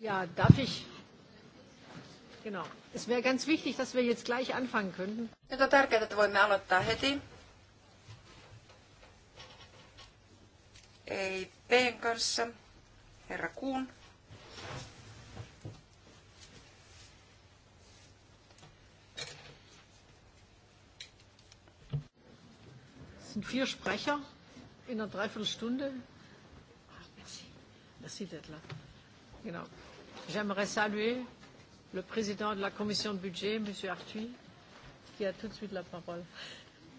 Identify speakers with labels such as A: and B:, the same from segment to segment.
A: Ja, darf ich? Genau. Es wäre ganz wichtig, dass wir jetzt gleich anfangen könnten. Nyt on tärkeää, että voimme aloittaa heti. Ei P:n kanssa, herra Kuun.
B: Es sind vier Sprecher in einer Dreiviertelstunde. Ah, merci. Merci, Detla. Genau. J'aimerais saluer le président de la commission de
A: budget, M. Arthuis, qui a tout de suite la parole.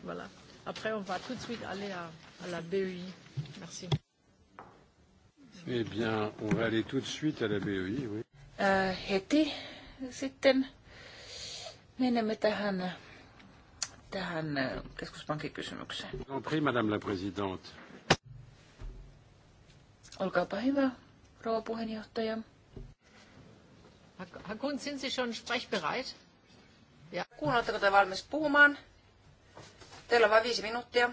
A: Voilà. Après, on va tout de suite aller à, à la BEI. Merci.
B: Eh bien, on va aller tout de suite à la BEI, oui.
C: heti sitten menemme tähän, tähän keskuspankkikysymykseen.
B: On prie, madame la présidente.
C: Olkaapa hyvä,
A: rouva puheenjohtaja. Hakun, sind Sie schon sprechbereit? Ja. Kuhn, te valmis puhumaan? Teillä on vain viisi minuuttia.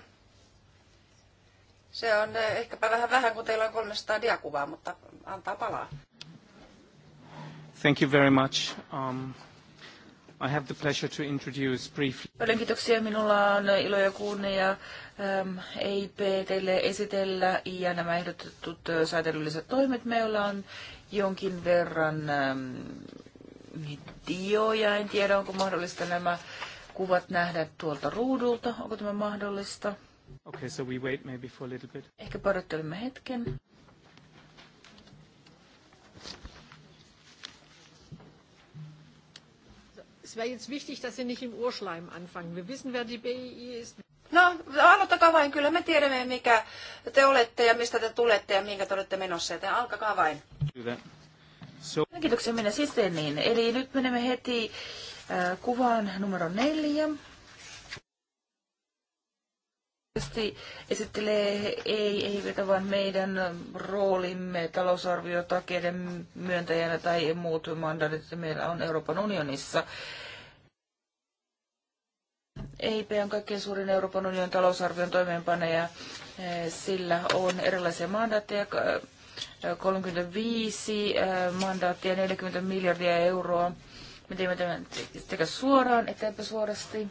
A: Se on eh, ehkäpä vähän vähän, kun teillä on 300 diakuvaa, mutta antaa palaa.
B: Thank you very much. Um, I have the pleasure to introduce briefly.
C: Paljon kiitoksia. Minulla on ilo ja kunnia um, ähm, EIP teille esitellä ja nämä ehdotetut äh, säätelylliset toimet. Meillä on jonkin verran ähm, dioja. En tiedä, onko mahdollista nämä kuvat nähdä tuolta ruudulta. Onko tämä mahdollista?
B: Okay, so we wait maybe for a little bit.
C: Ehkä parottelemme hetken.
A: Es wäre jetzt wichtig, dass Sie nicht im Urschleim anfangen. Wir wissen, wer die BII ist. No, aloittakaa vain. Kyllä me tiedämme, mikä te olette ja mistä te tulette ja minkä te olette menossa. Joten alkakaa vain.
C: Kyllä. So. Kiitoksia minä sitten. niin. Eli nyt menemme heti äh, kuvaan numero neljä esittelee ei, ei vetä vaan meidän roolimme talousarviotakeiden myöntäjänä tai muut mandaatit, että meillä on Euroopan unionissa. EIP on kaikkein suurin Euroopan unionin talousarvion toimeenpaneja. Eh, sillä on erilaisia mandaatteja, 35 eh, eh, mandaattia, 40 miljardia euroa. Me teemme tämän suoraan että suorasti.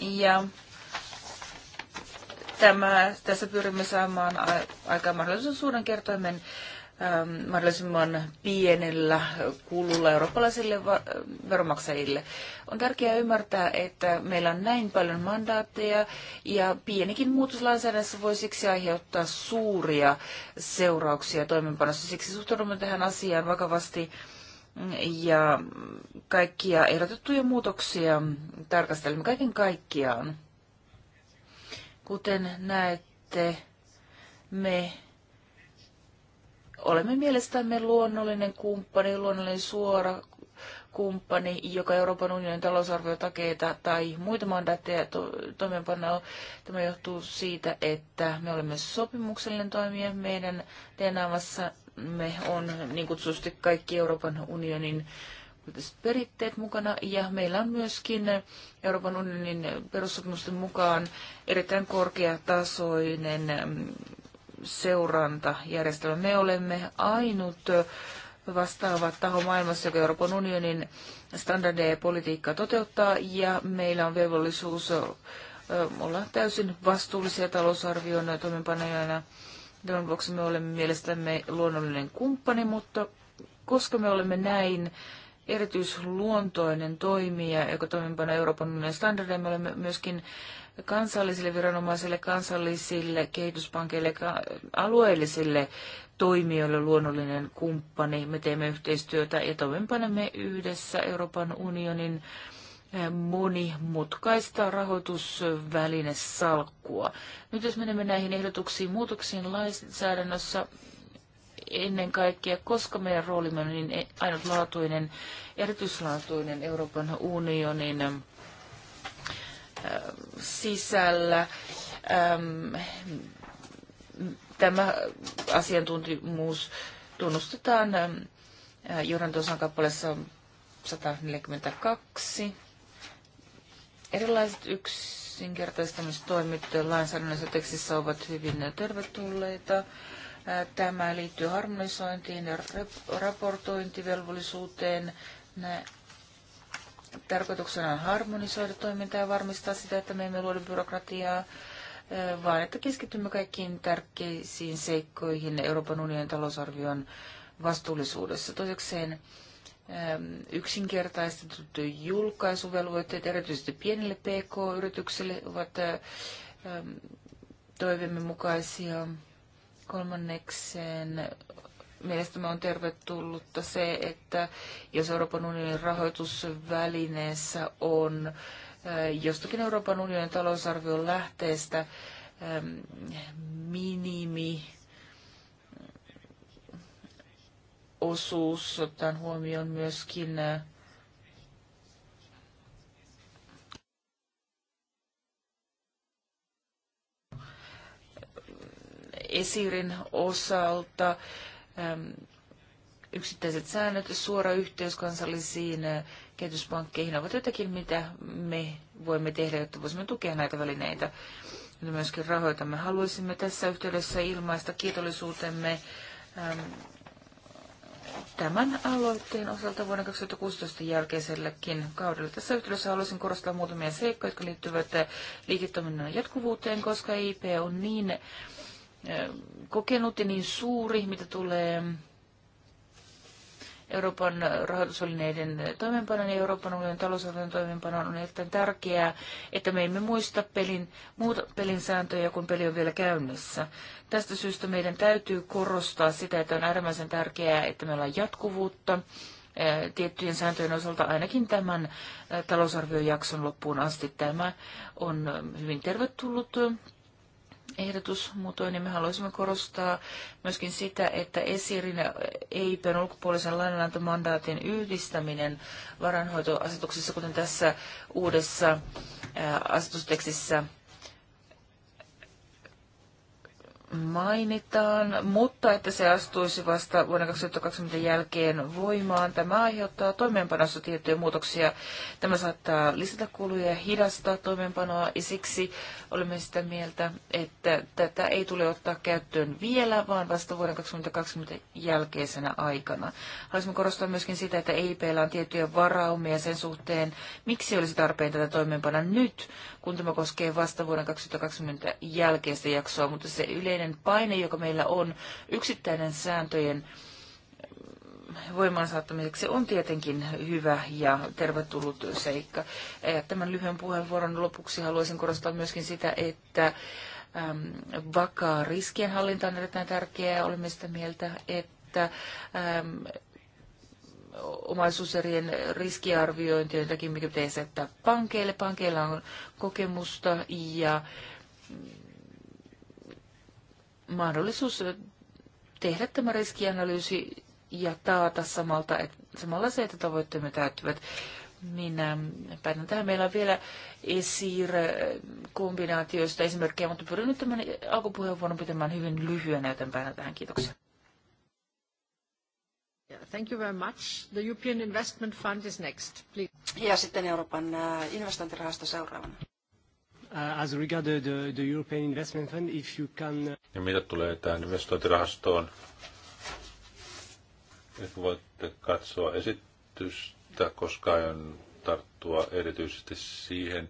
C: Ja tämä, tässä pyrimme saamaan aikaan mahdollisimman suuren kertoimen ähm, mahdollisimman pienellä kululla eurooppalaisille veromaksajille. On tärkeää ymmärtää, että meillä on näin paljon mandaatteja ja pienikin muutos lainsäädännössä voi siksi aiheuttaa suuria seurauksia toimenpanossa. Siksi suhtaudumme tähän asiaan vakavasti ja kaikkia ehdotettuja muutoksia tarkastelemme kaiken kaikkiaan. Kuten näette, me olemme mielestämme luonnollinen kumppani, luonnollinen suora kumppani, joka Euroopan unionin talousarviotakeita tai muita mandaatteja to- on. Tämä johtuu siitä, että me olemme sopimuksellinen toimija. Meidän me on niin kutsusti kaikki Euroopan unionin periaatteet mukana ja meillä on myöskin Euroopan unionin perussopimusten mukaan erittäin korkeatasoinen mm, seurantajärjestelmä. Me olemme ainut vastaava taho maailmassa, joka Euroopan unionin standardeja ja politiikkaa toteuttaa, ja meillä on velvollisuus olla täysin vastuullisia talousarvion toimenpanojana. Tämän vuoksi me olemme mielestämme luonnollinen kumppani, mutta koska me olemme näin erityisluontoinen toimija, joka toimimpana Euroopan unionin standardeja. Me olemme myöskin kansallisille viranomaisille, kansallisille kehityspankeille ja alueellisille toimijoille luonnollinen kumppani. Me teemme yhteistyötä ja toimeenpanemme yhdessä Euroopan unionin eh, monimutkaista rahoitusvälinesalkkua. Nyt jos menemme näihin ehdotuksiin muutoksiin lainsäädännössä, ennen kaikkea, koska meidän roolimme on niin ainutlaatuinen, erityislaatuinen Euroopan unionin ähm, sisällä. Ähm, tämä asiantuntimuus tunnustetaan ähm, äh, johdantosan kappaleessa 142. Erilaiset yksinkertaistamistoimit lainsäädännössä tekstissä ovat hyvin tervetulleita. Tämä liittyy harmonisointiin ja raportointivelvollisuuteen. Tarkoituksena on harmonisoida toimintaa ja varmistaa sitä, että me emme luoda byrokratiaa, vaan että keskitymme kaikkiin tärkeisiin seikkoihin Euroopan unionin talousarvion vastuullisuudessa. Toisekseen yksinkertaistetut julkaisuvelvoitteet, erityisesti pienille PK-yrityksille, ovat toivemme mukaisia. Kolmannekseen mielestäni on tervetullutta se, että jos Euroopan unionin rahoitusvälineessä on jostakin Euroopan unionin talousarvion lähteestä minimi osuus, ottaen huomioon myöskin esirin osalta, yksittäiset säännöt, suora yhteys kansallisiin äh, kehityspankkeihin ovat jotakin, mitä me voimme tehdä, jotta voisimme tukea näitä välineitä. Me myöskin rahoitamme. Haluaisimme tässä yhteydessä ilmaista kiitollisuutemme tämän aloitteen osalta vuoden 2016 jälkeisellekin kaudella. Tässä yhteydessä haluaisin korostaa muutamia seikkoja, jotka liittyvät liiketoiminnan jatkuvuuteen, koska IP on niin kokenut ja niin suuri, mitä tulee Euroopan rahoitusvälineiden toimeenpanon ja Euroopan unionin talousarvion toimeenpanon on erittäin tärkeää, että me emme muista pelin, muuta pelin sääntöjä, kun peli on vielä käynnissä. Tästä syystä meidän täytyy korostaa sitä, että on äärimmäisen tärkeää, että meillä on jatkuvuutta tiettyjen sääntöjen osalta ainakin tämän talousarviojakson loppuun asti. Tämä on hyvin tervetullut ehdotus. Muutoin niin me haluaisimme korostaa myöskin sitä, että esirin ja EIPn ulkopuolisen lainanantomandaatin yhdistäminen varanhoitoasetuksessa, kuten tässä uudessa asetustekstissä mainitaan, mutta että se astuisi vasta vuonna 2020 jälkeen voimaan. Tämä aiheuttaa toimeenpanossa tiettyjä muutoksia. Tämä saattaa lisätä kuluja ja hidastaa toimeenpanoa, ja siksi olemme sitä mieltä, että tätä ei tule ottaa käyttöön vielä, vaan vasta vuoden 2020 jälkeisenä aikana. Haluaisimme korostaa myöskin sitä, että EIPllä on tiettyjä varaumia sen suhteen, miksi olisi tarpeen tätä toimeenpana nyt, kun tämä koskee vasta vuoden 2020 jälkeistä jaksoa, mutta se yleinen paine, joka meillä on yksittäinen sääntöjen mm, voimaan saattamiseksi on tietenkin hyvä ja tervetullut seikka. Tämän lyhyen puheenvuoron lopuksi haluaisin korostaa myöskin sitä, että vakaa riskienhallinta on erittäin tärkeää. Olemme sitä mieltä, että omaisuuserien riskiarviointi on jotakin, mikä pitäisi jättää pankeille. Pankeilla on kokemusta ja mm, mahdollisuus tehdä tämä riskianalyysi ja taata samalta, että, samalla se, että tavoitteemme täyttyvät. Minä päätän tähän. Meillä on vielä ESIR-kombinaatioista esimerkkejä, mutta pyrin nyt tämän alkupuheenvuoron pitämään hyvin lyhyenä, joten päätän tähän. Kiitoksia.
A: Thank you very much. The European Investment Fund is next, please. Ja sitten Euroopan äh, investointirahasto seuraavana. Äh, as regard the, European Investment Fund, if you can... Äh,
B: ja mitä tulee tähän investointirahastoon? Nyt voitte katsoa esitystä, koska aion tarttua erityisesti siihen,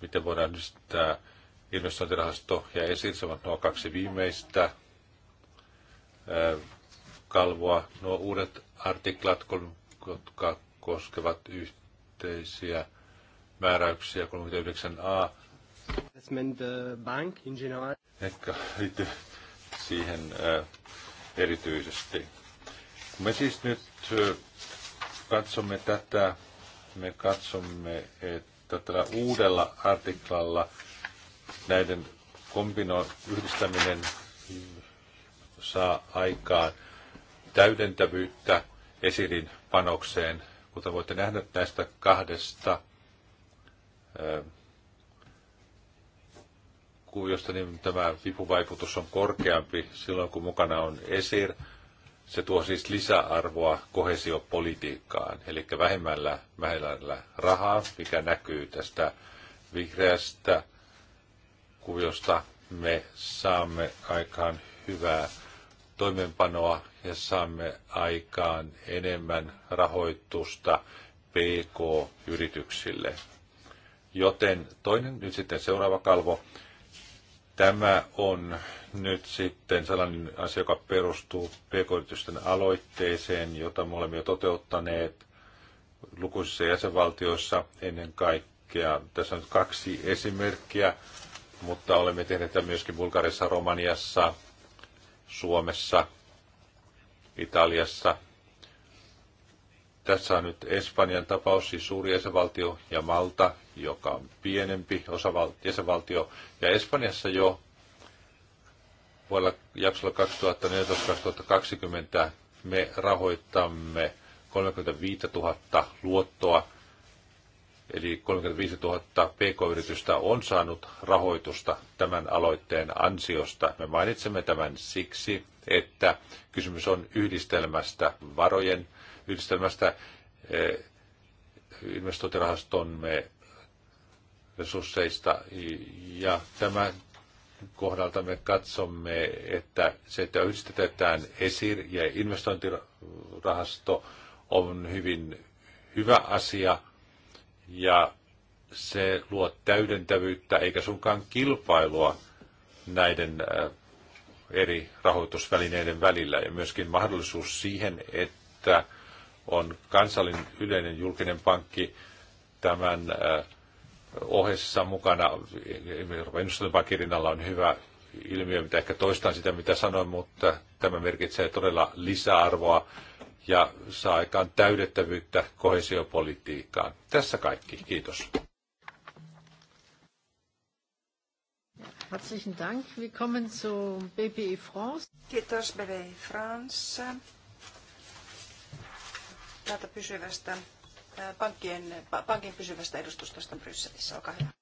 B: miten voidaan yhdistää investointirahasto ja esitys ovat nuo kaksi viimeistä kalvoa. Nuo uudet artiklat, jotka koskevat yhteisiä määräyksiä 39a.
C: Investment uh, bank in
B: Ehkä siihen uh, erityisesti. Kun me siis nyt uh, katsomme tätä, me katsomme, että tällä uudella artiklalla näiden kombino yhdistäminen saa aikaan täydentävyyttä esilin panokseen. Kuten voitte nähdä näistä kahdesta kuviosta, niin tämä vipuvaikutus on korkeampi silloin, kun mukana on esir. Se tuo siis lisäarvoa kohesiopolitiikkaan, eli vähemmällä, vähemmällä rahaa, mikä näkyy tästä vihreästä kuviosta. Me saamme aikaan hyvää toimeenpanoa ja saamme aikaan enemmän rahoitusta PK-yrityksille. Joten toinen, nyt sitten seuraava kalvo. Tämä on nyt sitten sellainen asia, joka perustuu pk-yritysten aloitteeseen, jota me olemme jo toteuttaneet lukuisissa jäsenvaltioissa ennen kaikkea. Tässä on nyt kaksi esimerkkiä, mutta olemme tehneet tämän myöskin Bulgariassa, Romaniassa, Suomessa, Italiassa. Tässä on nyt Espanjan tapaus, siis suuri jäsenvaltio, ja Malta, joka on pienempi osaval- jäsenvaltio. Ja Espanjassa jo vuonna jaksolla 2014-2020 me rahoittamme 35 000 luottoa Eli 35 000 pk-yritystä on saanut rahoitusta tämän aloitteen ansiosta. Me mainitsemme tämän siksi, että kysymys on yhdistelmästä varojen, yhdistelmästä e, investointirahastomme resursseista. Ja tämän kohdalta me katsomme, että se, että yhdistetään ESIR ja investointirahasto on hyvin hyvä asia – ja se luo täydentävyyttä eikä sunkaan kilpailua näiden äh, eri rahoitusvälineiden välillä ja myöskin mahdollisuus siihen, että on kansallinen yleinen julkinen pankki tämän äh, ohessa mukana. Euroopan rinnalla on hyvä ilmiö, mitä ehkä toistan sitä, mitä sanoin, mutta tämä merkitsee todella lisäarvoa ja saa aikaan täydettävyyttä kohesiopolitiikkaan. Tässä kaikki. Kiitos.
A: Herzlichen Dank. Willkommen zu BPI e France. Kiitos BPI e France. Täältä pysyvästä äh, pankkien, pankin pysyvästä edustustosta Brysselissä. Olkaa hyvä.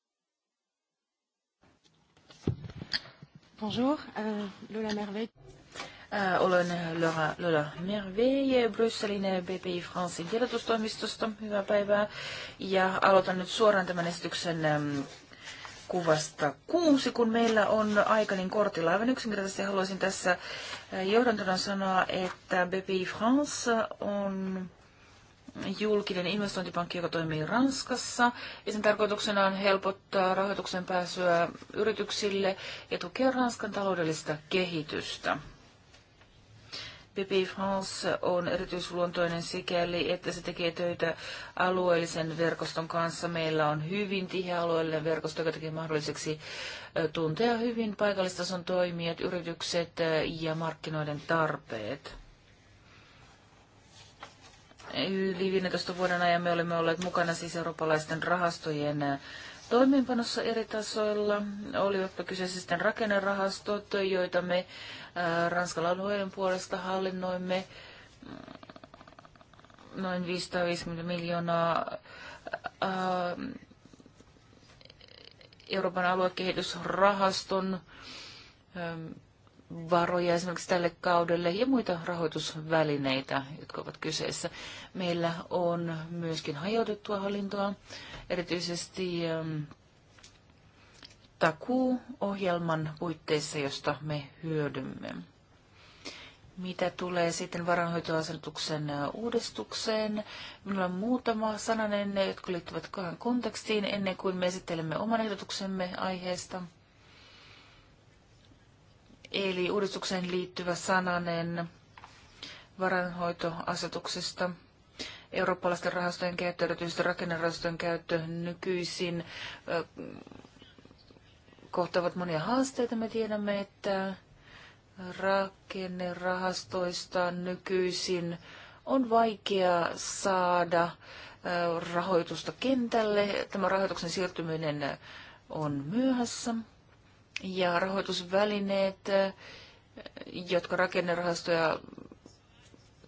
A: Bonjour, euh, Lola Merveille. Äh, olen Lola, Lola
C: Merveille Brysselin BPI Francein tiedotustoimistosta. Hyvää päivää. Ja aloitan nyt suoraan tämän esityksen ähm, kuvasta kuusi, kun meillä on aika niin kortilla. Aivan yksinkertaisesti haluaisin tässä äh, johdantona sanoa, että BPI France on julkinen investointipankki, joka toimii Ranskassa. Ja sen tarkoituksena on helpottaa rahoituksen pääsyä yrityksille ja tukea Ranskan taloudellista kehitystä. BP France on erityisluontoinen sikäli, että se tekee töitä alueellisen verkoston kanssa. Meillä on hyvin tiheä alueellinen verkosto, joka tekee mahdolliseksi tuntea hyvin paikallistason toimijat, yritykset ja markkinoiden tarpeet. Yli 15 vuoden ajan me olemme olleet mukana siis eurooppalaisten rahastojen toimeenpanossa eri tasoilla. Olivatpa kyseessä sitten rakennerahastot, joita me Ranskan alueiden puolesta hallinnoimme mm, noin 550 miljoonaa Euroopan aluekehitysrahaston varoja esimerkiksi tälle kaudelle ja muita rahoitusvälineitä, jotka ovat kyseessä. Meillä on myöskin hajautettua hallintoa, erityisesti ähm, takuuohjelman puitteissa, josta me hyödymme. Mitä tulee sitten varanhoitoasetuksen äh, uudistukseen, minulla on muutama sananen, jotka liittyvät kahden kontekstiin ennen kuin me esittelemme oman ehdotuksemme aiheesta eli uudistukseen liittyvä sananen varainhoitoasetuksesta. eurooppalaisten rahastojen käyttö, erityisesti rakennerahastojen käyttö nykyisin kohtaavat monia haasteita. Me tiedämme, että rakennerahastoista nykyisin on vaikea saada rahoitusta kentälle. Tämä rahoituksen siirtyminen on myöhässä ja rahoitusvälineet, jotka rakennerahastoja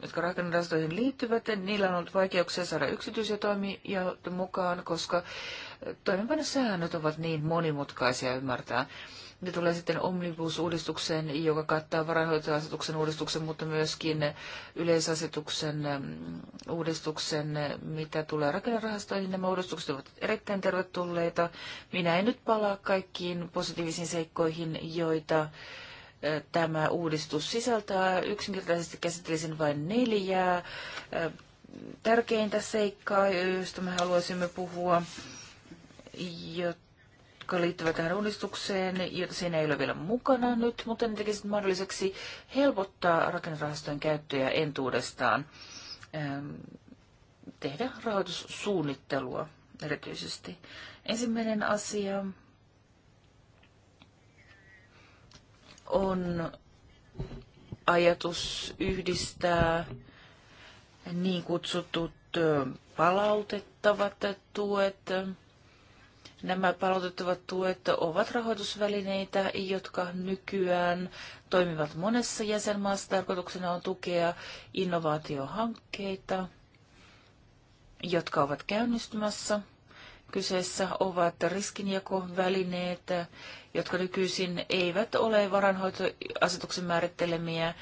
C: jotka rakennerahastoihin liittyvät, niillä on ollut vaikeuksia saada yksityisiä toimijoita mukaan, koska toimenpanosäännöt ovat niin monimutkaisia ymmärtää mitä tulee sitten omnibus-uudistukseen, joka kattaa varainhoitoasetuksen uudistuksen, mutta myöskin yleisasetuksen mm, uudistuksen, mitä tulee rakennerahastoihin. Nämä uudistukset ovat erittäin tervetulleita. Minä en nyt palaa kaikkiin positiivisiin seikkoihin, joita tämä uudistus sisältää. Yksinkertaisesti käsittelisin vain neljää tärkeintä seikkaa, joista me haluaisimme puhua, jotta jotka liittyvät tähän uudistukseen, jota siinä ei ole vielä mukana nyt, mutta ne tekisivät mahdolliseksi helpottaa rakennerahastojen käyttöjä entuudestaan, ähm, tehdä rahoitussuunnittelua erityisesti. Ensimmäinen asia on ajatus yhdistää niin kutsutut äh, palautettavat tuet Nämä palautettavat tuet ovat rahoitusvälineitä, jotka nykyään toimivat monessa jäsenmaassa. Tarkoituksena on tukea innovaatiohankkeita, jotka ovat käynnistymässä. Kyseessä ovat riskinjakovälineet, jotka nykyisin eivät ole varanhoitoasetuksen määrittelemiä,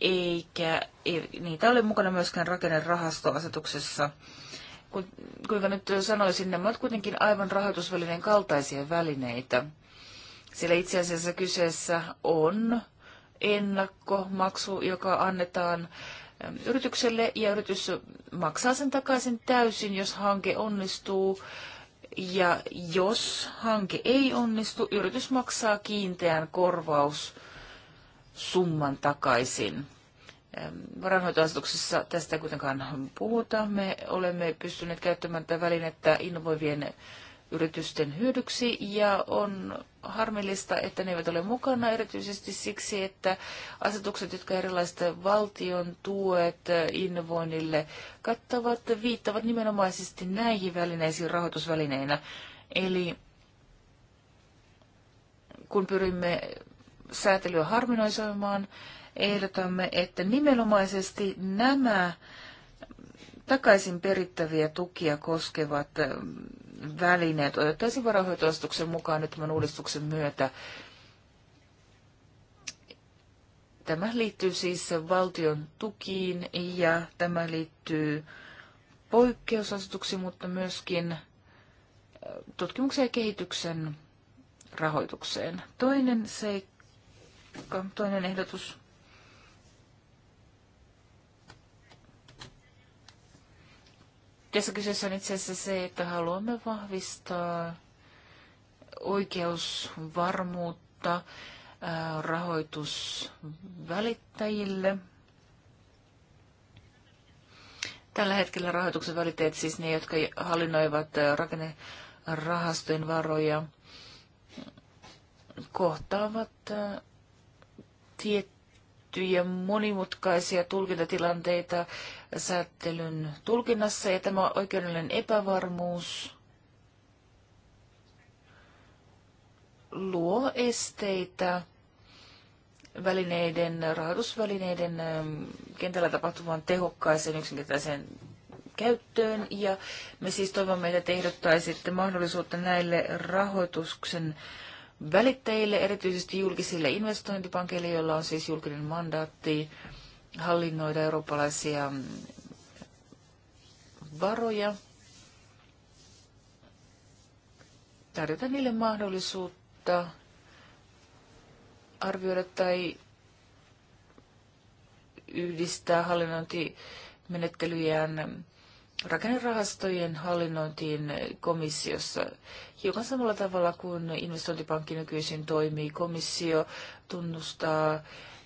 C: eikä ei, niitä ole mukana myöskään rakennerahastoasetuksessa kuinka nyt sanoisin, nämä ovat kuitenkin aivan rahoitusvälineen kaltaisia välineitä. Sillä itse asiassa kyseessä on ennakkomaksu, joka annetaan yritykselle ja yritys maksaa sen takaisin täysin, jos hanke onnistuu. Ja jos hanke ei onnistu, yritys maksaa kiinteän korvaussumman takaisin. Varanhoitoasetuksessa tästä kuitenkaan puhuta. Me olemme pystyneet käyttämään tätä välinettä innovoivien yritysten hyödyksi ja on harmillista, että ne eivät ole mukana erityisesti siksi, että asetukset, jotka erilaiset valtion tuet innovoinnille kattavat, viittavat nimenomaisesti näihin välineisiin rahoitusvälineinä. Eli kun pyrimme säätelyä harminoisoimaan, ehdotamme, että nimenomaisesti nämä takaisin perittäviä tukia koskevat välineet otettaisiin varahoitoistuksen mukaan nyt tämän uudistuksen myötä. Tämä liittyy siis valtion tukiin ja tämä liittyy poikkeusasetuksiin, mutta myöskin tutkimuksen ja kehityksen rahoitukseen. Toinen seikka, toinen ehdotus Tässä kyseessä on itse asiassa se, että haluamme vahvistaa oikeusvarmuutta rahoitusvälittäjille. Tällä hetkellä rahoituksen välittäjät, siis ne, jotka hallinnoivat rakennerahastojen varoja, kohtaavat tiettyjä monimutkaisia tulkintatilanteita säättelyn tulkinnassa ja tämä oikeudellinen epävarmuus luo esteitä välineiden, rahoitusvälineiden ähm, kentällä tapahtuvan tehokkaaseen yksinkertaiseen käyttöön. Ja me siis toivomme, että ehdottaisitte mahdollisuutta näille rahoituksen välittäjille, erityisesti julkisille investointipankeille, joilla on siis julkinen mandaatti, hallinnoida eurooppalaisia varoja, tarjota niille mahdollisuutta arvioida tai yhdistää hallinnointimenettelyjään rakennerahastojen hallinnointiin komissiossa hiukan samalla tavalla kuin investointipankki nykyisin toimii. Komissio tunnustaa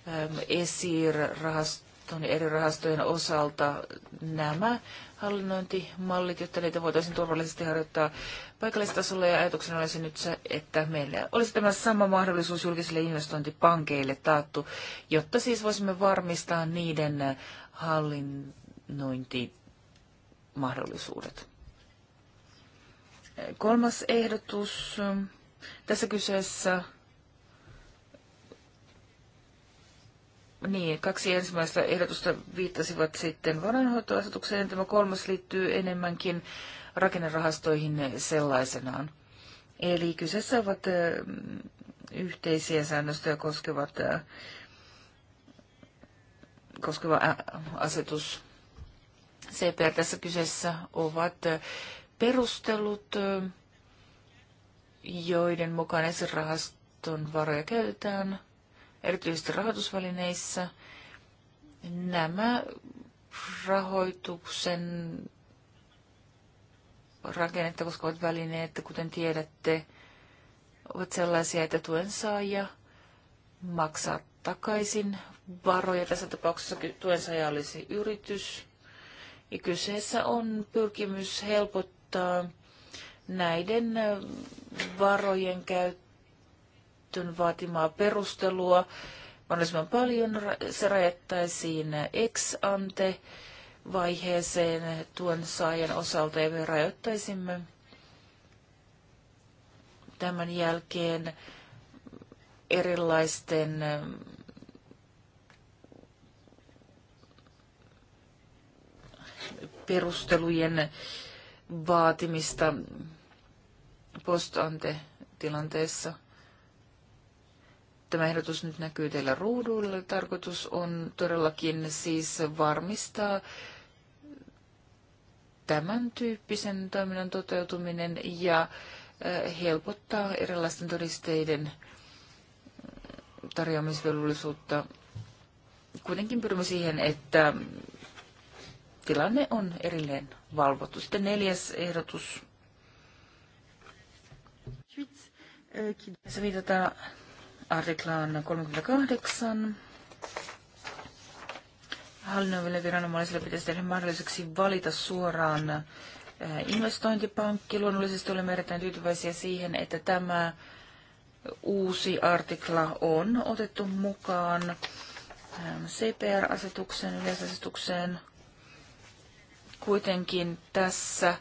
C: Ähm, ESIR-rahaston ja eri rahastojen osalta nämä hallinnointimallit, jotta niitä voitaisiin turvallisesti harjoittaa paikallistasolla. Ja ajatuksena olisi nyt se, että meillä olisi tämä sama mahdollisuus julkisille investointipankeille taattu, jotta siis voisimme varmistaa niiden hallinnointimahdollisuudet. Kolmas ehdotus. Tässä kyseessä Niin, kaksi ensimmäistä ehdotusta viittasivat sitten varainhoitoasetukseen. Tämä kolmas liittyy enemmänkin rakennerahastoihin sellaisenaan. Eli kyseessä ovat yhteisiä säännöstöjä koskevat, koskeva asetus. CPR tässä kyseessä ovat perustelut, joiden mukaan esirahaston varoja käytetään – erityisesti rahoitusvälineissä. Nämä rahoituksen rakennetta koskevat välineet, kuten tiedätte, ovat sellaisia, että tuen saaja maksaa takaisin varoja. Tässä tapauksessa tuen saaja olisi yritys. Ja kyseessä on pyrkimys helpottaa näiden varojen käyttöä käyttöön vaatimaa perustelua mahdollisimman paljon. Se rajattaisiin ex ante vaiheeseen tuen saajan osalta ja me rajoittaisimme tämän jälkeen erilaisten ähm, perustelujen vaatimista postante tilanteessa. Tämä ehdotus nyt näkyy teillä ruudulla. Tarkoitus on todellakin siis varmistaa tämän tyyppisen toiminnan toteutuminen ja eh, helpottaa erilaisten todisteiden eh, tarjoamisvelvollisuutta. Kuitenkin pyrimme siihen, että tilanne on erilleen valvottu. Sitten neljäs ehdotus. Se eh, viitataan artiklaan 38. Hallinnoiville viranomaisille pitäisi tehdä mahdolliseksi valita suoraan eh, investointipankki. Luonnollisesti olemme erittäin tyytyväisiä siihen, että tämä uusi artikla on otettu mukaan eh, CPR-asetukseen, yleisasetukseen. Kuitenkin tässä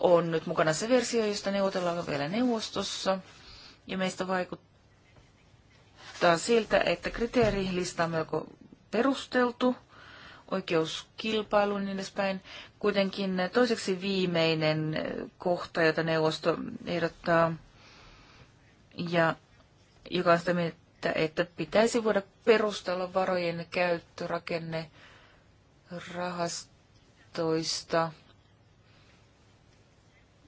C: on nyt mukana se versio, josta neuvotellaan vielä neuvostossa. Ja meistä vaikuttaa, vaikuttaa siltä, että kriteerilista on melko perusteltu, oikeus kilpailuun niin edespäin. Kuitenkin toiseksi viimeinen kohta, jota neuvosto ehdottaa, ja joka on sitä mieltä, että pitäisi voida perustella varojen käyttörakenne rahastoista,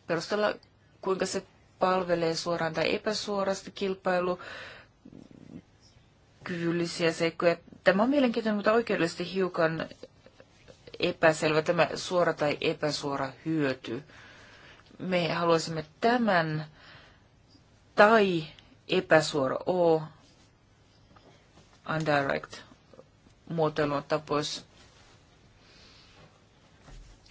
C: perustella kuinka se palvelee suoraan tai epäsuorasti kilpailu kyvyllisiä seikkoja. Tämä on mielenkiintoinen, mutta oikeudellisesti hiukan epäselvä tämä suora tai epäsuora hyöty. Me haluaisimme tämän tai epäsuora O, undirect, muotoilun ottaa pois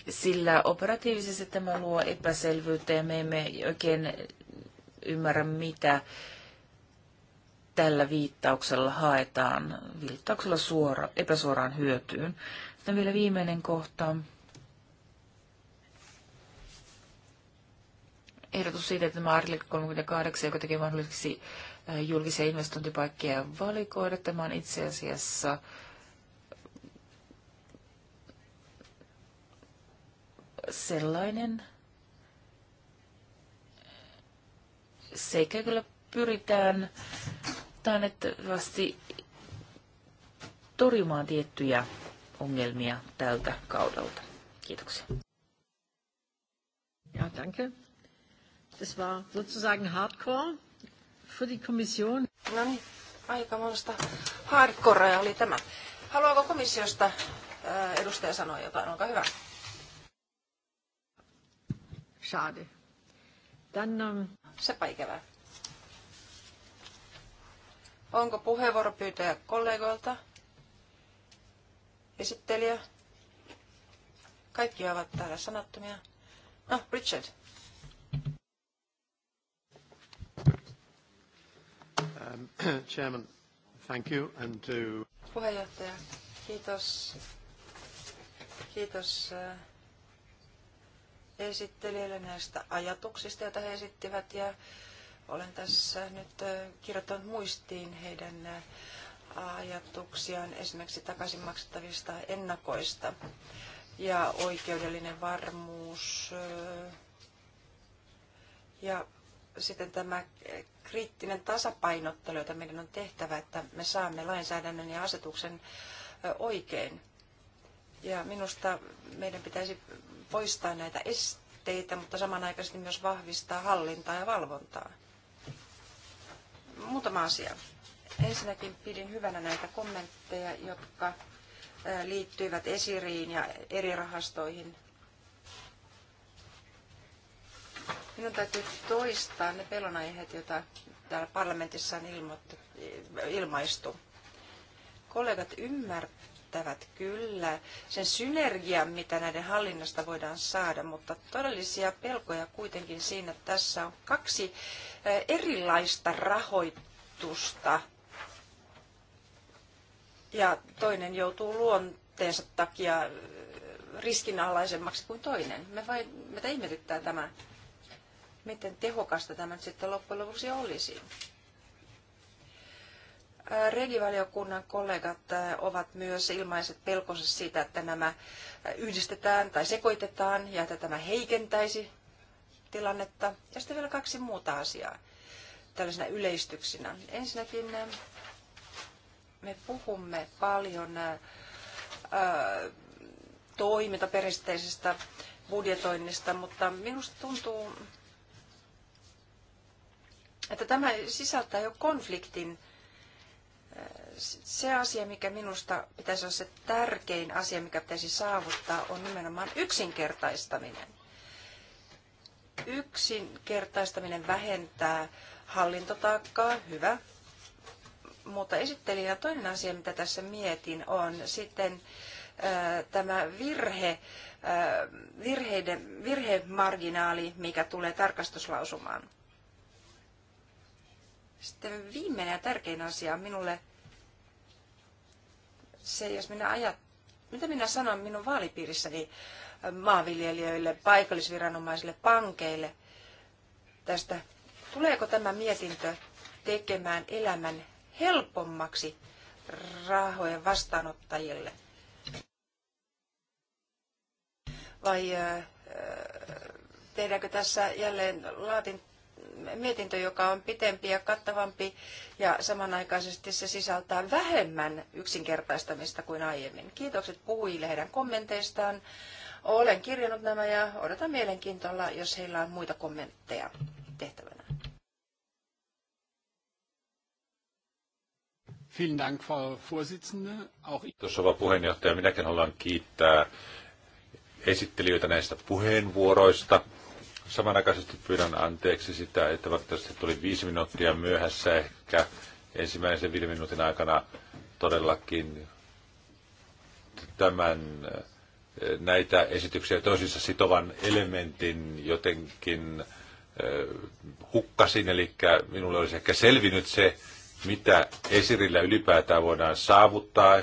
C: sillä operatiivisesti tämä luo epäselvyyttä ja me emme oikein ymmärrä, mitä tällä viittauksella haetaan viittauksella suora, epäsuoraan hyötyyn. Sitten vielä viimeinen kohta. Ehdotus siitä, että tämä artikla 38, joka tekee mahdolliseksi äh, julkisia investointipaikkoja valikoida, tämä on itse asiassa sellainen seikka, kyllä pyritään äh, vasti torjumaan tiettyjä ongelmia
A: tältä kaudelta. Kiitoksia. Ja, danke. Das war sozusagen hardcore für die Kommission. No niin, aika monesta hardcorea oli tämä. Haluaako komissiosta äh, edustaja sanoa jotain? onko hyvä. Schade. Dann, um... Ähm, Sepa ikävää. Onko pyytää kollegoilta? Esittelijä? Kaikki ovat täällä sanattomia. No, Richard. Um, chairman, thank you and to... Puheenjohtaja, kiitos. Kiitos äh, esittelijälle näistä ajatuksista, joita he esittivät ja olen tässä nyt kirjoittanut muistiin heidän ajatuksiaan esimerkiksi takaisin maksettavista ennakoista ja oikeudellinen varmuus ja sitten tämä kriittinen tasapainottelu, jota meidän on tehtävä, että me saamme lainsäädännön ja asetuksen oikein. Ja minusta meidän pitäisi poistaa näitä esteitä, mutta samanaikaisesti myös vahvistaa hallintaa ja valvontaa. Muutama asia. Ensinnäkin pidin hyvänä näitä kommentteja, jotka liittyivät esiriin ja eri rahastoihin. Minun täytyy toistaa ne pelonaiheet, joita täällä parlamentissa on ilmoittu, ilmaistu. Kollegat ymmärtävät, yllättävät kyllä sen synergian, mitä näiden hallinnasta voidaan saada, mutta todellisia pelkoja kuitenkin siinä, että tässä on kaksi erilaista rahoitusta ja toinen joutuu luonteensa takia riskinalaisemmaksi kuin toinen. Me vai, meitä ihmetyttää tämä, miten tehokasta tämä nyt sitten loppujen lopuksi olisi regivaliokunnan kollegat äh, ovat myös ilmaiset pelkonsa siitä, että nämä äh, yhdistetään tai sekoitetaan ja että tämä heikentäisi tilannetta. Ja sitten vielä kaksi muuta asiaa tällaisina yleistyksinä. Ensinnäkin äh, me puhumme paljon toimintaperisteisestä budjetoinnista, mutta minusta tuntuu, että tämä sisältää jo konfliktin se asia, mikä minusta pitäisi olla se tärkein asia, mikä pitäisi saavuttaa, on nimenomaan yksinkertaistaminen. Yksinkertaistaminen vähentää hallintotaakkaa, hyvä. Mutta esittelijä toinen asia, mitä tässä mietin, on sitten tämä virhe, virheiden, virhemarginaali, mikä tulee tarkastuslausumaan. Sitten viimeinen ja tärkein asia on minulle se, jos minä ajat, mitä minä sanon minun vaalipiirissäni maanviljelijöille, paikallisviranomaisille, pankeille tästä, tuleeko tämä mietintö tekemään elämän helpommaksi rahojen vastaanottajille? Vai äh, tehdäänkö tässä jälleen laatin mietintö, joka on pitempi ja kattavampi ja samanaikaisesti se sisältää vähemmän yksinkertaistamista kuin aiemmin. Kiitokset puhujille heidän kommenteistaan. Olen kirjannut nämä ja odotan mielenkiintolla, jos heillä on muita kommentteja tehtävänä.
B: Vielen Dank, Frau Vorsitzende. Auch... Kiitos, rouva puheenjohtaja. Minäkin haluan kiittää esittelijöitä näistä puheenvuoroista. Samanaikaisesti pyydän anteeksi sitä, että valitettavasti tuli viisi minuuttia myöhässä ehkä ensimmäisen viiden minuutin aikana todellakin tämän eh, näitä esityksiä toisissa sitovan elementin jotenkin eh, hukkasin, eli minulle olisi ehkä selvinnyt se, mitä esirillä ylipäätään voidaan saavuttaa.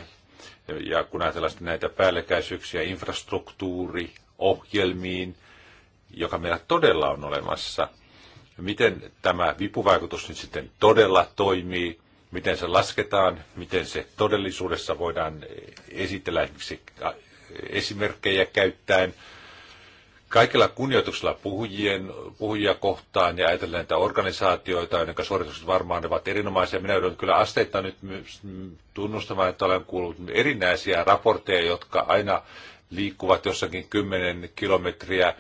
B: Ja kun ajatellaan näitä päällekkäisyyksiä infrastruktuuri, ohjelmiin, joka meillä todella on olemassa. Miten tämä vipuvaikutus nyt sitten todella toimii, miten se lasketaan, miten se todellisuudessa voidaan esitellä esimerkiksi esimerkkejä käyttäen. Kaikilla kunnioituksella puhujien, puhujia kohtaan ja ajatellen näitä organisaatioita, joiden suoritukset varmaan ovat erinomaisia. Minä joudun kyllä asteittain nyt tunnustamaan, että olen kuullut erinäisiä raportteja, jotka aina liikkuvat jossakin 10 kilometriä äh,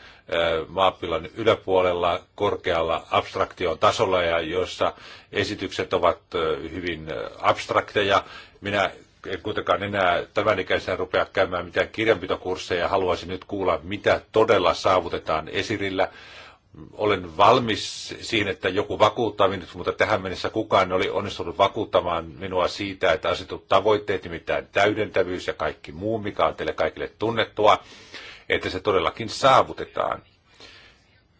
B: maapallon yläpuolella korkealla abstraktion tasolla ja joissa esitykset ovat äh, hyvin äh, abstrakteja. Minä en kuitenkaan enää tämän ikäisenä rupea käymään mitään kirjanpitokursseja. Haluaisin nyt kuulla, mitä todella saavutetaan esirillä olen valmis siihen, että joku vakuuttaa minut, mutta tähän mennessä kukaan oli onnistunut vakuuttamaan minua siitä, että asetut tavoitteet, nimittäin täydentävyys ja kaikki muu, mikä on teille kaikille tunnettua, että se todellakin saavutetaan.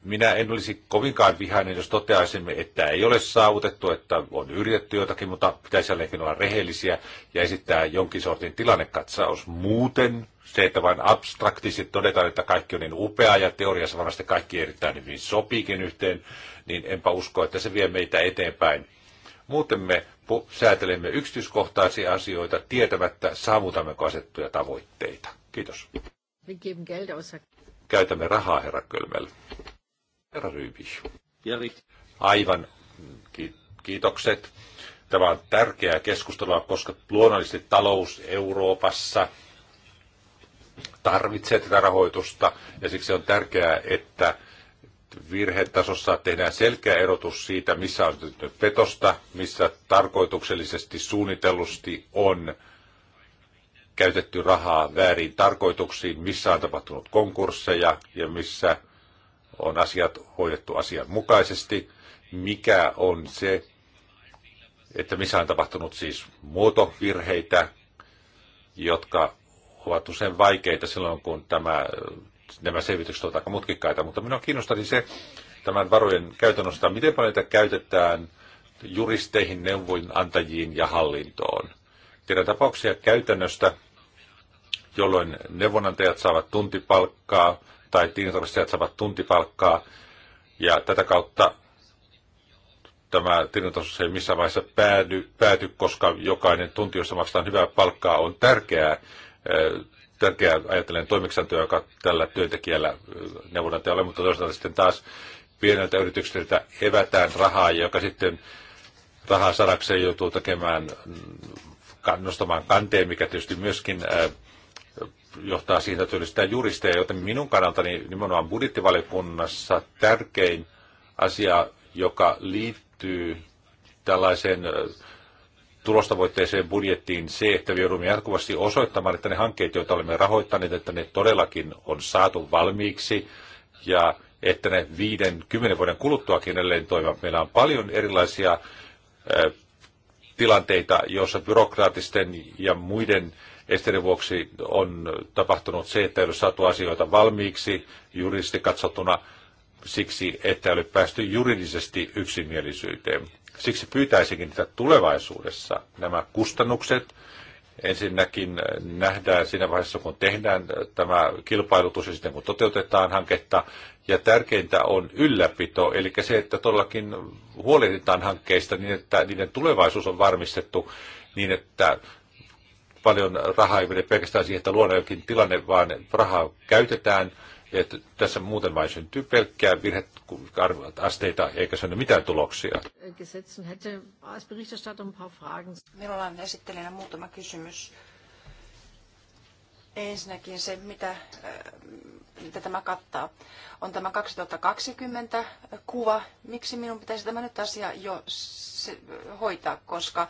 B: Minä en olisi kovinkaan vihainen, jos toteaisimme, että ei ole saavutettu, että on yritetty jotakin, mutta pitäisi jälleenkin olla rehellisiä ja esittää jonkin sortin tilannekatsaus. Muuten se, että vain abstraktisesti todetaan, että kaikki on niin upeaa ja teoriassa varmasti kaikki erittäin hyvin sopiikin yhteen, niin enpä usko, että se vie meitä eteenpäin. Muuten me säätelemme yksityiskohtaisia asioita tietämättä, saavutammeko asettuja tavoitteita. Kiitos. Käytämme rahaa herra Kölmel. Herra Ryypi. Aivan. Kiitokset. Tämä on tärkeää keskustelua, koska luonnollisesti talous Euroopassa tarvitsee tätä rahoitusta ja siksi on tärkeää, että virhetasossa tehdään selkeä erotus siitä, missä on petosta, missä tarkoituksellisesti suunnitellusti on käytetty rahaa väärin tarkoituksiin, missä on tapahtunut konkursseja ja missä on asiat hoidettu asianmukaisesti, mikä on se, että missä on tapahtunut siis muotovirheitä, jotka ovat usein vaikeita silloin, kun tämä, nämä selvitykset ovat aika mutkikkaita. Mutta minua kiinnostaisi se tämän varojen käytön osalta, miten paljon niitä käytetään juristeihin, neuvonantajiin ja hallintoon. Tiedän tapauksia käytännöstä, jolloin neuvonantajat saavat tuntipalkkaa tai tilintarkastajat saavat tuntipalkkaa. Ja tätä kautta tämä tilintarkastus ei missään vaiheessa pääty, pääty, koska jokainen tunti, jossa maksetaan hyvää palkkaa, on tärkeää. Eh, tärkeää ajatellen toimeksiantoja, joka tällä työntekijällä eh, neuvonantajalla, mutta toisaalta sitten taas pieneltä yrityksiltä evätään rahaa, joka sitten rahaa sadakseen joutuu tekemään, mm, nostamaan kanteen, mikä tietysti myöskin eh, johtaa siihen, että yhdistetään juristeja, joten minun kannaltani nimenomaan budjettivaliokunnassa tärkein asia, joka liittyy tällaiseen tulostavoitteeseen budjettiin se, että joudumme jatkuvasti osoittamaan, että ne hankkeet, joita olemme rahoittaneet, että ne todellakin on saatu valmiiksi ja että ne viiden, kymmenen vuoden kuluttuakin edelleen toimivat. Meillä on paljon erilaisia tilanteita, joissa byrokraattisten ja muiden esteiden vuoksi on tapahtunut se, että ei ole saatu asioita valmiiksi juridisesti katsottuna siksi, että ei ole päästy juridisesti yksimielisyyteen. Siksi pyytäisinkin, että tulevaisuudessa nämä kustannukset ensinnäkin nähdään siinä vaiheessa, kun tehdään tämä kilpailutus ja sitten kun toteutetaan hanketta. Ja tärkeintä on ylläpito, eli se, että todellakin huolehditaan hankkeista niin, että niiden tulevaisuus on varmistettu niin, että paljon rahaa ei mene pelkästään siihen, että luodaan jokin tilanne, vaan rahaa käytetään. Että tässä muuten vain syntyy pelkkää virheasteita eikä synny mitään tuloksia.
A: Minulla on esittelijänä muutama kysymys. Ensinnäkin se, mitä, äh, mitä tämä kattaa, on tämä 2020 kuva. Miksi minun pitäisi tämä nyt asia jo hoitaa, koska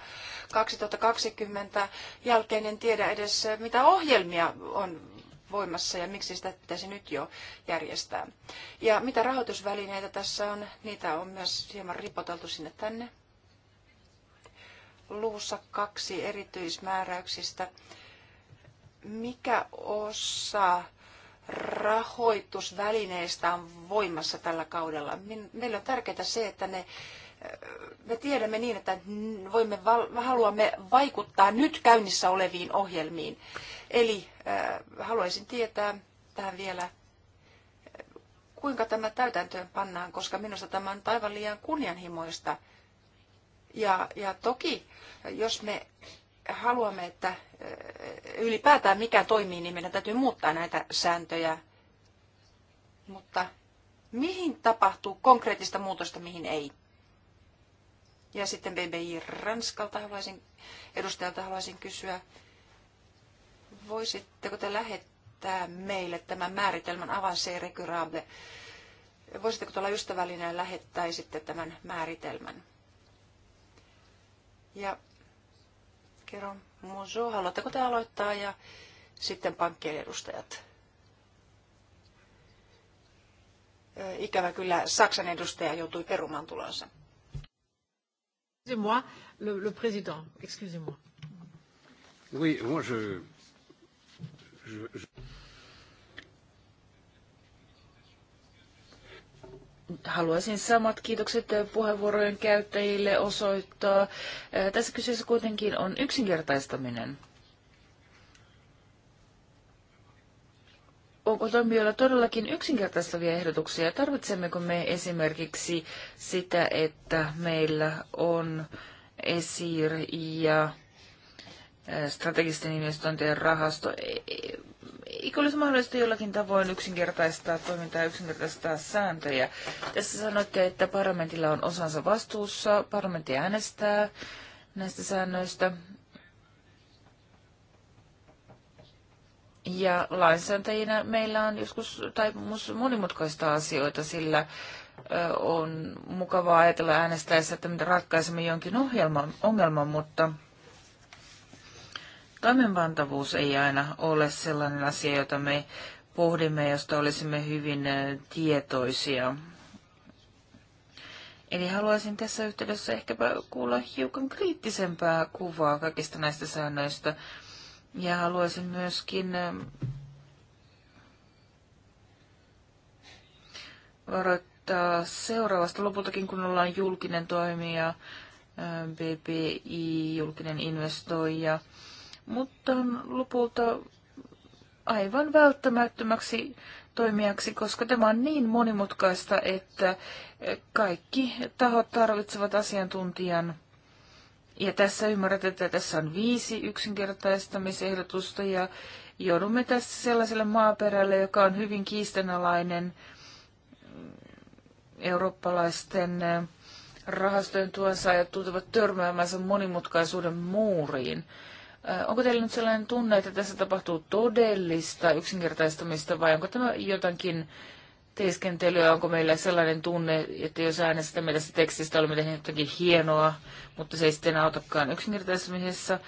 A: 2020 jälkeen en tiedä edes, äh, mitä ohjelmia on voimassa ja miksi sitä pitäisi nyt jo järjestää. Ja mitä rahoitusvälineitä tässä on, niitä on myös hieman ripoteltu sinne tänne. Luussa kaksi erityismääräyksistä mikä osa rahoitusvälineistä on voimassa tällä kaudella. Meillä on tärkeää se, että ne, äh, me tiedämme niin, että voimme, me haluamme vaikuttaa nyt käynnissä oleviin ohjelmiin. Eli äh, haluaisin tietää tähän vielä, äh, kuinka tämä täytäntöön pannaan, koska minusta tämä on aivan liian kunnianhimoista. Ja, ja toki, jos me haluamme, että ylipäätään mikä toimii, niin meidän täytyy muuttaa näitä sääntöjä. Mutta mihin tapahtuu konkreettista muutosta, mihin ei? Ja sitten BBI Ranskalta haluaisin, edustajalta haluaisin kysyä, voisitteko te lähettää meille tämän määritelmän avancé recurable? Voisitteko tuolla ystävällinen lähettää sitten tämän määritelmän? Ja Kero Mozo, haluatteko te aloittaa ja sitten pankkien edustajat? Ikävä kyllä Saksan edustaja joutui perumaan tulonsa. Excusez-moi, le, le président, excusez-moi.
B: Oui, moi je, je, je...
C: haluaisin samat kiitokset puheenvuorojen käyttäjille osoittaa. Tässä kyseessä kuitenkin on yksinkertaistaminen. Onko toimijoilla todellakin yksinkertaistavia ehdotuksia? Tarvitsemmeko me esimerkiksi sitä, että meillä on ESIR ja Äh, strategisten investointien rahasto. E, e, eikö olisi mahdollista jollakin tavoin yksinkertaistaa toimintaa ja yksinkertaistaa sääntöjä? Tässä sanoitte, että parlamentilla on osansa vastuussa, parlamentti äänestää näistä säännöistä. Ja lainsäätäjinä meillä on joskus taipumus monimutkaista asioita, sillä on mukavaa ajatella äänestäessä, että me ratkaisemme jonkin ohjelman, ongelman, mutta Toimenpantavuus ei aina ole sellainen asia, jota me pohdimme, josta olisimme hyvin tietoisia. Eli haluaisin tässä yhteydessä ehkäpä kuulla hiukan kriittisempää kuvaa kaikista näistä säännöistä. Ja haluaisin myöskin varoittaa seuraavasta. Lopultakin kun ollaan julkinen toimija, BPI, julkinen investoija, mutta on lopulta aivan välttämättömäksi toimijaksi, koska tämä on niin monimutkaista, että kaikki tahot tarvitsevat asiantuntijan. Ja tässä ymmärretään, että tässä on viisi yksinkertaistamisehdotusta ja joudumme tässä sellaiselle maaperälle, joka on hyvin kiistanalainen eurooppalaisten rahastojen ja tuntuvat törmäämänsä monimutkaisuuden muuriin. Onko teillä nyt sellainen tunne, että tässä tapahtuu todellista yksinkertaistamista vai onko tämä jotakin teeskentelyä, onko meillä sellainen tunne, että jos äänestämme tästä tekstistä, olemme tehneet jotakin hienoa, mutta se ei sitten autakaan yksinkertaistamisessa.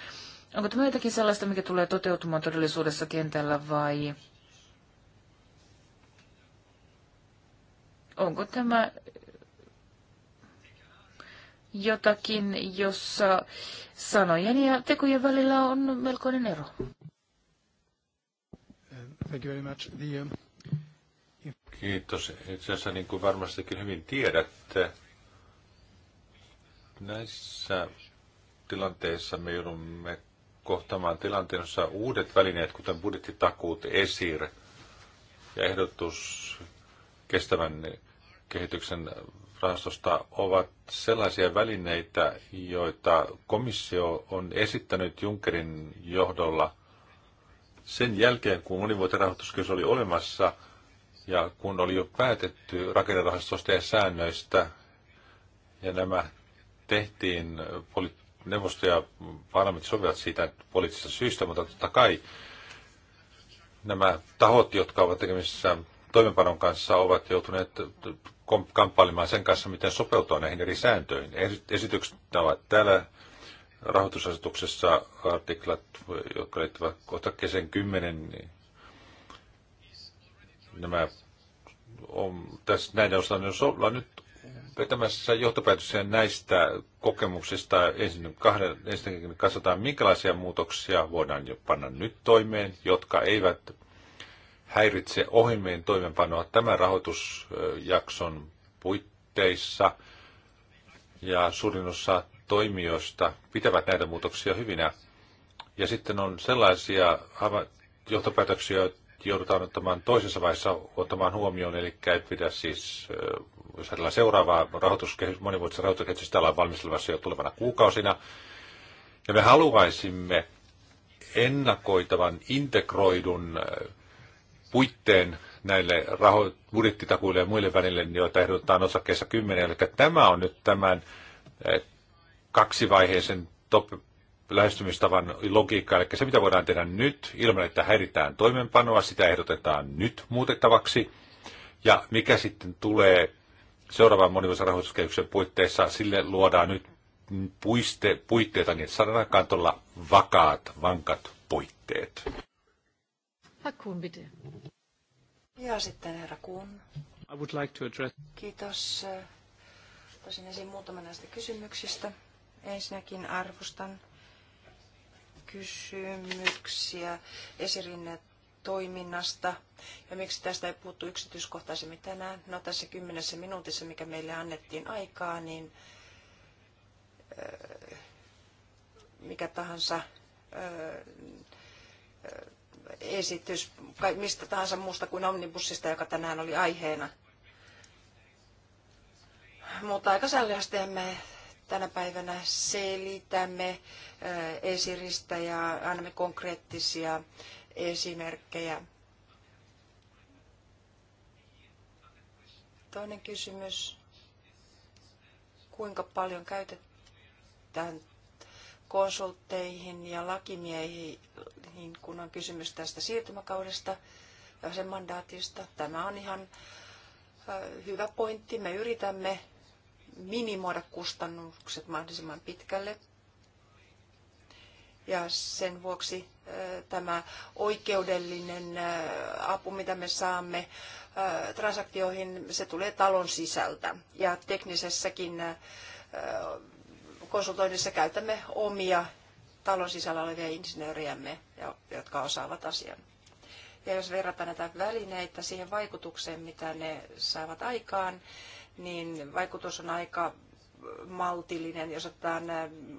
C: Onko tämä jotakin sellaista, mikä tulee toteutumaan todellisuudessa kentällä vai onko tämä jotakin, jossa äh, sanojen ja tekojen välillä on melkoinen ero. Thank you very much. The, um...
B: Kiitos. Itse asiassa niin kuin varmastikin hyvin tiedätte, näissä tilanteissa me joudumme kohtamaan tilanteen, jossa uudet välineet, kuten budjettitakuut, ESIR ja ehdotus kestävän kehityksen rahastosta ovat sellaisia välineitä, joita komissio on esittänyt Junckerin johdolla sen jälkeen, kun monivuotirahoituskysymys oli olemassa ja kun oli jo päätetty rakennerahastosta ja säännöistä, ja nämä tehtiin, neuvosto ja parlamentti sovivat siitä poliittisista syistä, mutta totta kai nämä tahot, jotka ovat tekemisissä toimenpanon kanssa ovat joutuneet kamppailemaan sen kanssa, miten sopeutua näihin eri sääntöihin. Esitykset ovat täällä rahoitusasetuksessa artiklat, jotka liittyvät kohta kesän kymmenen, niin nämä on, tässä näiden osalta jos ollaan nyt vetämässä johtopäätöksiä näistä kokemuksista. Ensin kahden, ensinnäkin katsotaan, minkälaisia muutoksia voidaan jo panna nyt toimeen, jotka eivät häiritse ohjelmien toimenpanoa tämän rahoitusjakson puitteissa. Ja suurin osa toimijoista pitävät näitä muutoksia hyvinä. Ja sitten on sellaisia johtopäätöksiä, joita joudutaan ottamaan toisessa vaiheessa ottamaan huomioon, eli ei pidä siis, jos ajatellaan seuraavaa rahoituskehitystä, monivuotista rahoituskehitystä ollaan valmistelemassa jo tulevana kuukausina, ja me haluaisimme ennakoitavan integroidun puitteen näille raho- budjettitakuille ja muille välille, joita ehdotetaan osakkeessa 10. Eli tämä on nyt tämän eh, kaksivaiheisen top lähestymistavan logiikka. Eli se, mitä voidaan tehdä nyt ilman, että häiritään toimenpanoa, sitä ehdotetaan nyt muutettavaksi. Ja mikä sitten tulee seuraavan monivuotisen rahoituskehyksen puitteissa, sille luodaan nyt puiste, puitteita, niin saadaan kantolla vakaat, vankat puitteet. Hakkuun bitte.
A: Ja sitten herra Kuun.
B: I would like to address...
A: Kiitos. Tosin esiin muutama näistä kysymyksistä. Ensinnäkin arvostan kysymyksiä esirinne toiminnasta ja miksi tästä ei puhuttu yksityiskohtaisemmin tänään. No tässä kymmenessä minuutissa, mikä meille annettiin aikaa, niin äh, mikä tahansa äh, esitys mistä tahansa muusta kuin omnibussista, joka tänään oli aiheena. Mutta aika sällästi me tänä päivänä selitämme esiristä ja annamme konkreettisia esimerkkejä. Toinen kysymys. Kuinka paljon käytetään konsultteihin ja lakimiehiin, kun on kysymys tästä siirtymäkaudesta ja sen mandaatista. Tämä on ihan hyvä pointti. Me yritämme minimoida kustannukset mahdollisimman pitkälle. Ja sen vuoksi tämä oikeudellinen apu, mitä me saamme transaktioihin, se tulee talon sisältä. Ja teknisessäkin konsultoinnissa käytämme omia talon sisällä olevia insinööriämme, jotka osaavat asian. Ja jos verrataan näitä välineitä siihen vaikutukseen, mitä ne saavat aikaan, niin vaikutus on aika maltillinen, jos otetaan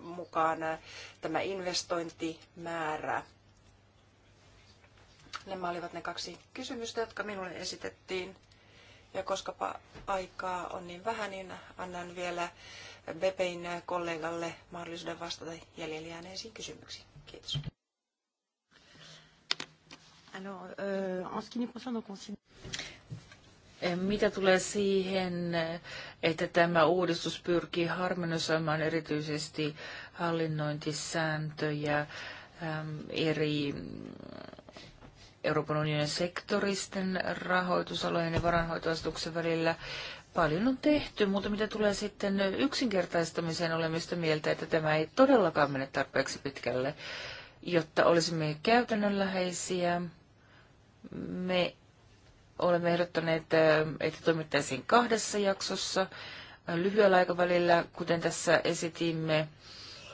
A: mukaan tämä investointimäärä. Nämä olivat ne kaksi kysymystä, jotka minulle esitettiin. Ja koska aikaa on niin vähän, niin annan vielä Bepein kollegalle mahdollisuuden vastata jäljellä jääneisiin kysymyksiin. Kiitos. Mitä tulee
C: siihen, että tämä uudistus pyrkii harmonisoimaan erityisesti hallinnointisääntöjä eri Euroopan unionin sektoristen rahoitusalojen ja varainhoitoasetuksen välillä. Paljon on tehty, mutta mitä tulee sitten yksinkertaistamiseen, olemme sitä mieltä, että tämä ei todellakaan mene tarpeeksi pitkälle, jotta olisimme käytännönläheisiä. Me olemme ehdottaneet, äh, että toimittaisiin kahdessa jaksossa äh, lyhyellä aikavälillä, kuten tässä esitimme.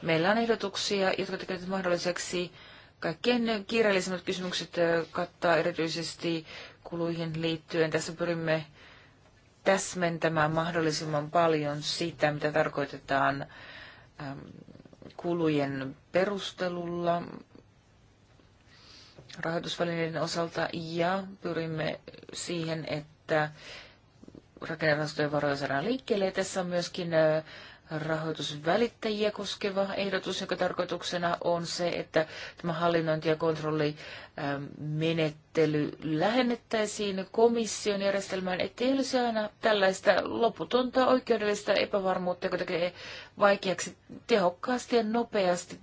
C: Meillä on ehdotuksia, jotka tekevät mahdolliseksi kaikkien kiireellisimmät kysymykset äh, kattaa erityisesti kuluihin liittyen. Tässä pyrimme täsmentämään mahdollisimman paljon sitä, mitä tarkoitetaan ähm, kulujen perustelulla rahoitusvälineiden osalta ja pyrimme siihen, että rakennerahastojen varoja saadaan liikkeelle. tässä on myöskin rahoitusvälittäjiä koskeva ehdotus, jonka tarkoituksena on se, että tämä hallinnointi- ja kontrollimenettely lähennettäisiin komission järjestelmään, ettei olisi aina tällaista loputonta oikeudellista epävarmuutta, joka tekee vaikeaksi tehokkaasti ja nopeasti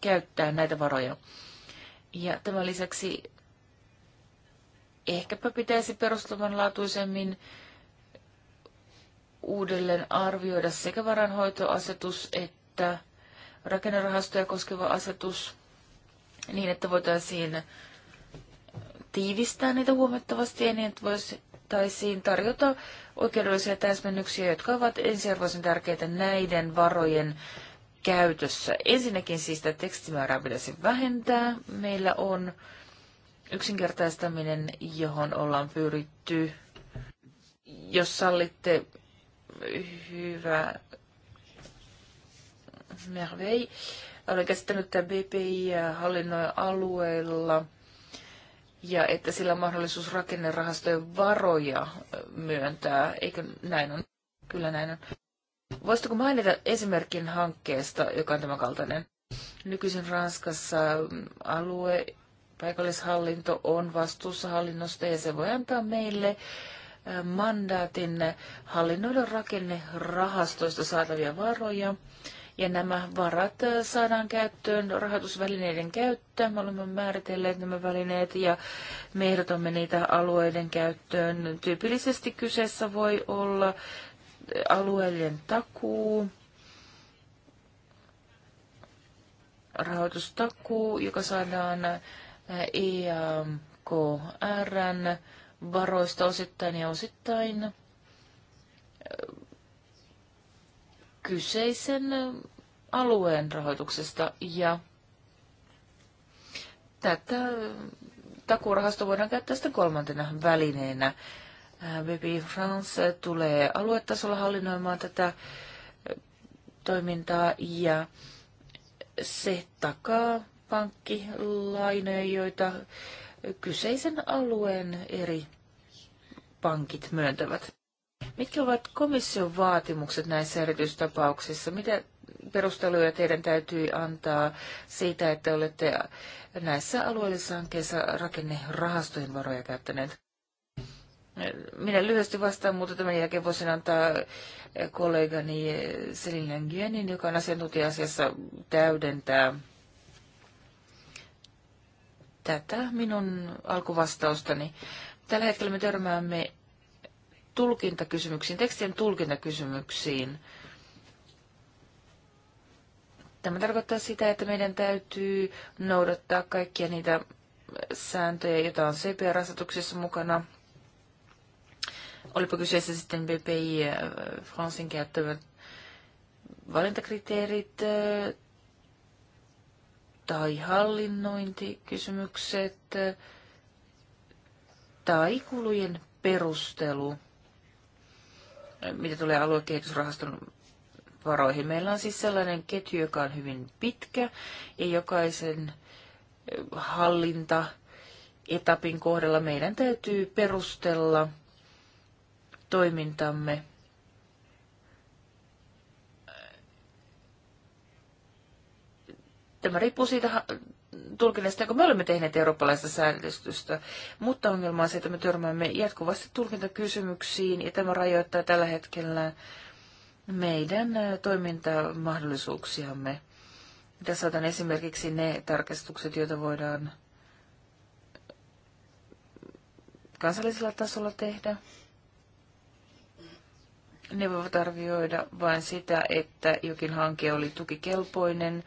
C: käyttää näitä varoja. Ja tämän lisäksi ehkäpä pitäisi perustavanlaatuisemmin laatuisemmin uudelleen arvioida sekä varanhoitoasetus että rakennerahastoja koskeva asetus niin, että voitaisiin tiivistää niitä huomattavasti ja niin, että voitaisiin tarjota oikeudellisia täsmennyksiä, jotka ovat ensiarvoisen tärkeitä näiden varojen käytössä. Ensinnäkin siis sitä tekstimäärää pitäisi vähentää. Meillä on yksinkertaistaminen, johon ollaan pyritty. Jos sallitte, Hyvä. Mervei. Olen käsittänyt tämä BPI hallinnon alueella ja että sillä on mahdollisuus rakennerahastojen varoja myöntää. Eikö näin on? Kyllä näin on. Voisitko mainita esimerkin hankkeesta, joka on tämänkaltainen? Nykyisin Ranskassa mm, alue, paikallishallinto on vastuussa hallinnosta ja se voi antaa meille äh, mandaatin hallinnoida rakennerahastoista saatavia varoja. Ja nämä varat saadaan käyttöön rahoitusvälineiden käyttöön. Me olemme määritelleet nämä välineet ja me ehdotamme niitä alueiden käyttöön. Tyypillisesti kyseessä voi olla alueellinen takuu, rahoitustakuu, joka saadaan EAKRn varoista osittain ja osittain kyseisen alueen rahoituksesta ja tätä takuurahasto voidaan käyttää sitten kolmantena välineenä. Baby France tulee aluetasolla hallinnoimaan tätä toimintaa ja se takaa pankkilainoja, joita kyseisen alueen eri pankit myöntävät. Mitkä ovat komission vaatimukset näissä erityistapauksissa? Mitä perusteluja teidän täytyy antaa siitä, että olette näissä alueellisissa hankkeissa rahastojen varoja käyttäneet? Minä lyhyesti vastaan, mutta tämän jälkeen voisin antaa kollegani Selin Langyenin, joka on asiantuntija asiassa täydentää tätä minun alkuvastaustani. Tällä hetkellä me törmäämme tulkintakysymyksiin, tekstien tulkintakysymyksiin. Tämä tarkoittaa sitä, että meidän täytyy noudattaa kaikkia niitä sääntöjä, joita on CPR-asetuksessa mukana. Olipa kyseessä sitten BPI äh, Fransin käyttävät valintakriteerit, äh, tai hallinnointikysymykset tai kulujen perustelu, mitä tulee aluekehitysrahaston varoihin. Meillä on siis sellainen ketju, joka on hyvin pitkä ja jokaisen eh, hallinta etapin kohdalla meidän täytyy perustella toimintamme Tämä riippuu siitä tulkinnasta, jonka me olemme tehneet eurooppalaista säädöstystä, mutta ongelma on se, että me törmäämme jatkuvasti tulkintakysymyksiin ja tämä rajoittaa tällä hetkellä meidän toimintamahdollisuuksiamme. Tässä otan esimerkiksi ne tarkastukset, joita voidaan kansallisella tasolla tehdä. Ne voivat arvioida vain sitä, että jokin hanke oli tukikelpoinen –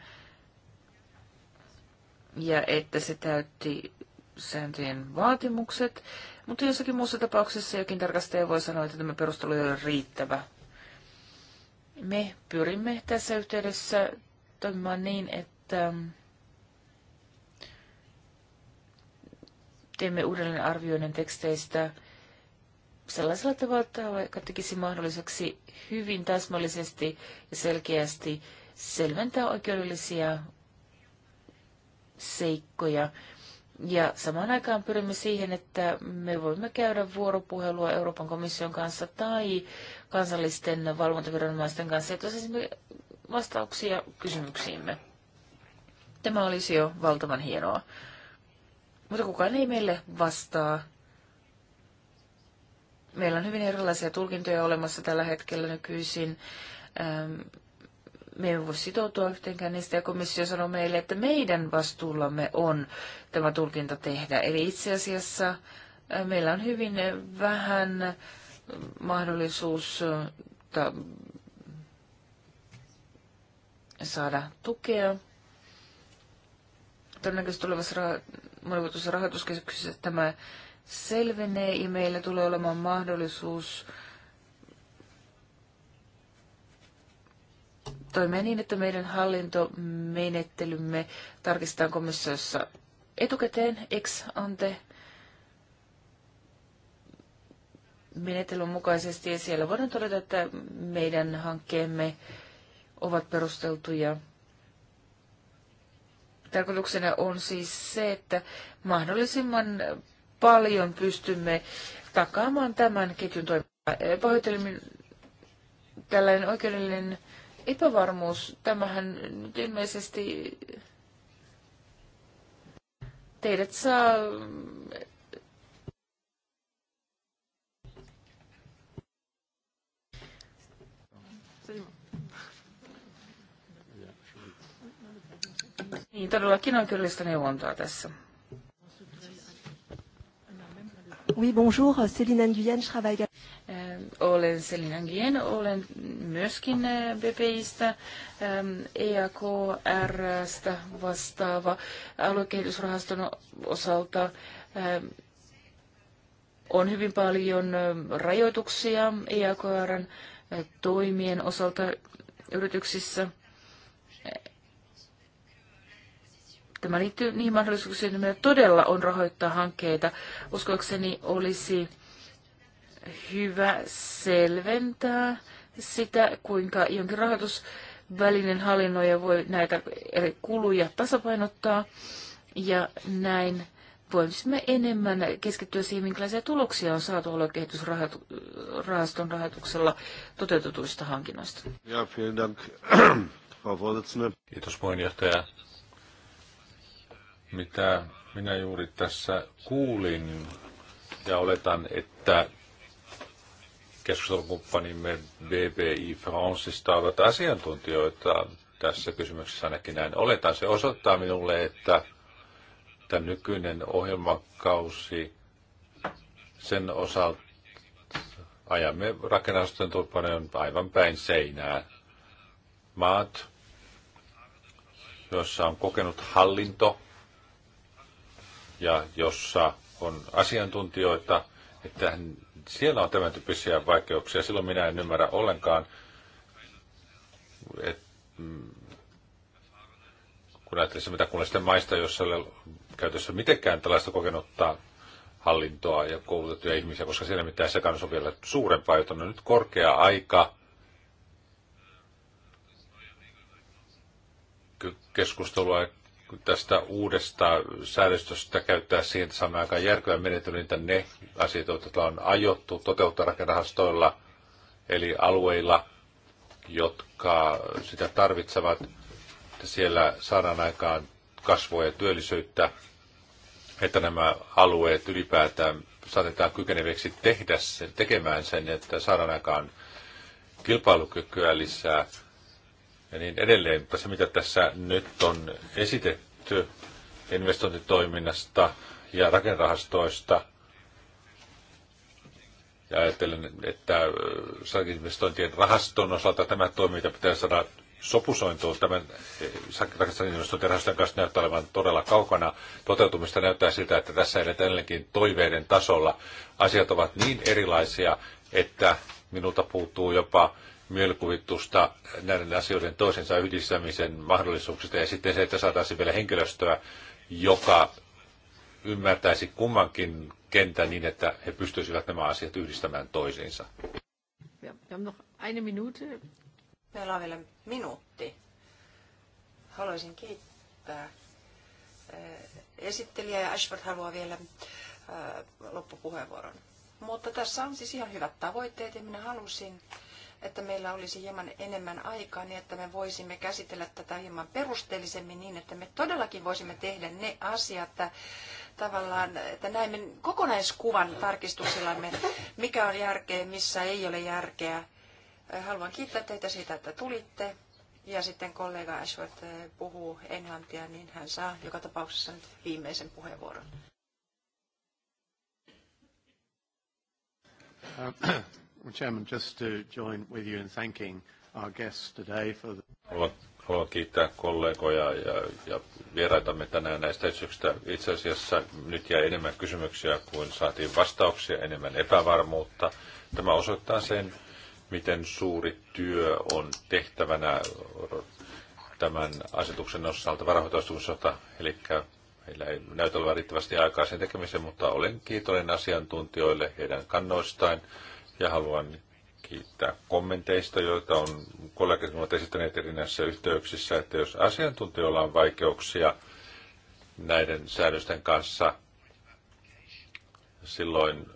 C: ja että se täytti sääntöjen vaatimukset, mutta jossakin muussa tapauksessa jokin tarkastaja voi sanoa, että tämä perustelu ei ole riittävä. Me pyrimme tässä yhteydessä toimimaan niin, että teemme uudelleen arvioinnin teksteistä sellaisella tavalla, että tekisi mahdolliseksi hyvin täsmällisesti ja selkeästi selventää oikeudellisia seikkoja. Ja samaan aikaan pyrimme siihen, että me voimme käydä vuoropuhelua Euroopan komission kanssa tai kansallisten valvontaviranomaisten kanssa, että saisimme vastauksia kysymyksiimme. Tämä olisi jo valtavan hienoa. Mutta kukaan ei meille vastaa. Meillä on hyvin erilaisia tulkintoja olemassa tällä hetkellä nykyisin. Ähm, me emme voi sitoutua yhteenkään niistä, ja komissio sanoo meille, että meidän vastuullamme on tämä tulkinta tehdä. Eli itse asiassa äh, meillä on hyvin vähän mahdollisuus äh, saada tukea. Todennäköisesti tulevassa monivuotisessa rahoituskeskuksessa tämä selvenee ja meillä tulee olemaan mahdollisuus toimia niin, että meidän hallintomenettelymme tarkistetaan komissiossa etukäteen ex ante menetelmän mukaisesti ja siellä voidaan todeta, että meidän hankkeemme ovat perusteltuja. Tarkoituksena on siis se, että mahdollisimman paljon pystymme takaamaan tämän ketjun toimintaa. Pahoittelin, tällainen oikeudellinen epävarmuus, tämähän nyt ilmeisesti teidät saa Niin, todellakin on kyllä neuvontaa tässä.
A: Oui, bonjour, Céline Nguyen, je travaille...
C: Olen Selina Gien, olen myöskin BPIstä, EAKRstä vastaava aluekehitysrahaston osalta. On hyvin paljon rajoituksia EAKRn toimien osalta yrityksissä. Tämä liittyy niihin mahdollisuuksiin, että meillä todella on rahoittaa hankkeita. Uskoakseni olisi hyvä selventää sitä, kuinka jonkin rahoitusvälinen hallinnoija voi näitä eri kuluja tasapainottaa ja näin voisimme enemmän keskittyä siihen, minkälaisia tuloksia on saatu aluekehitysrahaston rahoituksella toteutetuista hankinnoista.
B: Ja, dank, Kiitos puheenjohtaja. Mitä minä juuri tässä kuulin ja oletan, että keskustelukumppanimme BBI Franceista ovat asiantuntijoita tässä kysymyksessä ainakin näin oletan. Se osoittaa minulle, että tämä nykyinen ohjelmakausi sen osalta ajamme rakennusten tulppaneen aivan päin seinää. Maat, jossa on kokenut hallinto ja jossa on asiantuntijoita, että siellä on tämän tyyppisiä vaikeuksia. Silloin minä en ymmärrä ollenkaan, et, kun ajattelisi mitä kunnallisista maista, jossa ei ole käytössä mitenkään tällaista kokenutta hallintoa ja koulutettuja ihmisiä, koska siellä mitään sekannus on vielä suurempaa, joten on nyt korkea aika keskustelua tästä uudesta säädöstöstä käyttää siihen, että saamme aikaan järkevän menetelyn ne asiat, joita on ajottu toteuttaa eli alueilla, jotka sitä tarvitsevat, että siellä saadaan aikaan kasvua ja työllisyyttä, että nämä alueet ylipäätään saatetaan kykeneviksi tehdä sen, tekemään sen, että saadaan aikaan kilpailukykyä lisää – ja niin edelleen. Mutta se, mitä tässä nyt on esitetty investointitoiminnasta ja rakennerahastoista, ja ajattelen, että äh, investointien rahaston osalta tämä toiminta pitää saada sopusointuun tämän eh, investointien rahaston kanssa näyttää olevan todella kaukana toteutumista. Näyttää siltä, että tässä edetään edelleenkin toiveiden tasolla. Asiat ovat niin erilaisia, että minulta puuttuu jopa mielikuvitusta näiden asioiden toisensa yhdistämisen mahdollisuuksista ja sitten se, että saataisiin vielä henkilöstöä, joka ymmärtäisi kummankin kentän niin, että he pystyisivät nämä asiat yhdistämään toisiinsa.
A: Meillä on vielä minuutti. Haluaisin kiittää eh, esittelijä ja Ashford haluaa vielä eh, loppupuheenvuoron. Mutta tässä on siis ihan hyvät tavoitteet ja minä halusin että meillä olisi hieman enemmän aikaa niin, että me voisimme käsitellä tätä hieman perusteellisemmin niin, että me todellakin voisimme tehdä ne asiat, että tavallaan, että näemme kokonaiskuvan tarkistuksillamme, mikä on järkeä, missä ei ole järkeä. Haluan kiittää teitä siitä, että tulitte. Ja sitten kollega Ashworth eh, puhuu englantia, niin hän saa joka tapauksessa nyt viimeisen puheenvuoron. Äh, Well, Chairman, just to join with you in thanking our guests today for the...
B: Haluan, haluan kiittää kollegoja ja, ja vieraitamme tänään näistä esityksistä. Itse asiassa nyt jäi enemmän kysymyksiä kuin saatiin vastauksia, enemmän epävarmuutta. Tämä osoittaa sen, miten suuri työ on tehtävänä tämän asetuksen osalta varahoitoistumisota, eli meillä ei näytä olevan riittävästi aikaa sen tekemiseen, mutta olen kiitollinen asiantuntijoille heidän kannoistaan ja haluan kiittää kommenteista, joita on kollegat ovat esittäneet erinäisissä yhteyksissä, että jos asiantuntijoilla on vaikeuksia näiden säädösten kanssa, silloin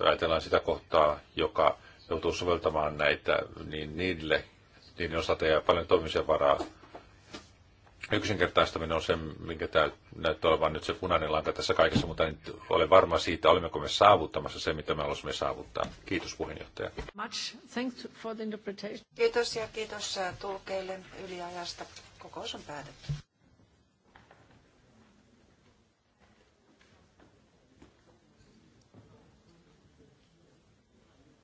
B: ajatellaan sitä kohtaa, joka joutuu soveltamaan näitä, niin niille, niin osalta jää paljon toimisen varaa yksinkertaistaminen on se, minkä tämä näyttää olevan nyt se punainen lanka tässä kaikessa, mutta en ole varma siitä, olemmeko me saavuttamassa se, mitä me haluaisimme saavuttaa. Kiitos puheenjohtaja. Much thanks for the interpretation.
A: Kiitos ja kiitos tulkeille yliajasta. Kokous on päätetty.